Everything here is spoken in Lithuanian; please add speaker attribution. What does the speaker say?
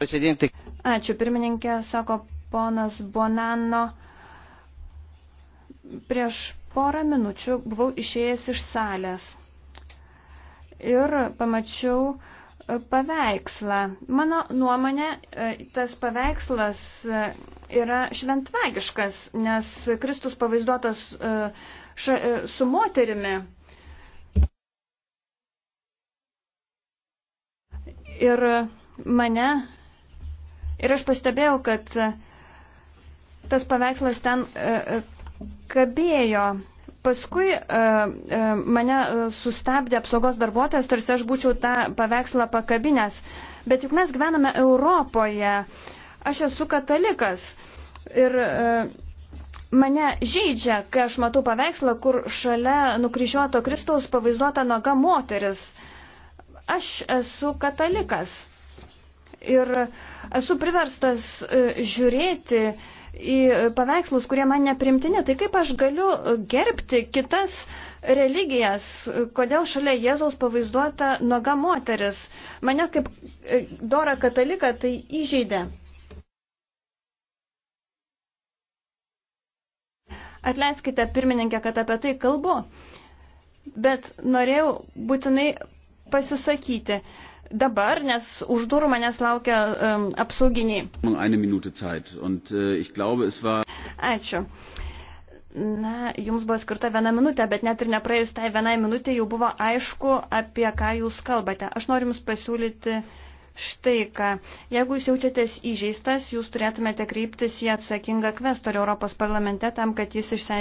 Speaker 1: Presidente. Ačiū pirmininkė, sako ponas Bonanno. Prieš porą minučių buvau išėjęs iš salės ir pamačiau e, paveikslą. Mano nuomonė, e, tas paveikslas e, yra šventvagiškas, nes Kristus pavaizduotas ša, su moterimi. Ir mane Ir aš pastebėjau, kad e, tas paveikslas ten e, e, kabėjo. Paskui mane sustabdė apsaugos darbuotojas, tarsi aš būčiau tą paveikslą pakabinęs. Bet juk mes gyvename Europoje. Aš esu katalikas. Ir mane žaidžia, kai aš matau paveikslą, kur šalia nukryžiuoto Kristaus pavaizduota naga moteris. Aš esu katalikas ir esu priverstas e, žiūrėti į paveikslus, kurie man neprimtini. Tai kaip aš galiu gerbti kitas religijas, kodėl šalia Jėzaus pavaizduota nuoga moteris. Mane kaip e, dora katalika tai įžeidė. Atleiskite, pirmininkė, kad apie tai kalbu, bet norėjau būtinai pasisakyti dabar, nes už durų manęs laukia um, apsauginiai. Äh, Ačiū. Na, jums buvo skirta viena minutė, bet net ir nepraėjus tai vienai minutė jau buvo aišku, apie ką jūs kalbate. Aš noriu jums pasiūlyti štai ką. Jeigu jūs jaučiatės įžeistas, jūs turėtumėte kreiptis į atsakingą kvestorių Europos parlamente tam, kad jis išsiaiškintų.